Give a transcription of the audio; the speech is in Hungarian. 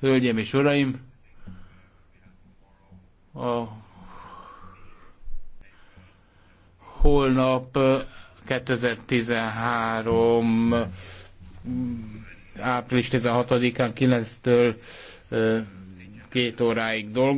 Hölgyeim és Uraim, a holnap 2013 április 16-án 9-től 2 óráig dolgozunk.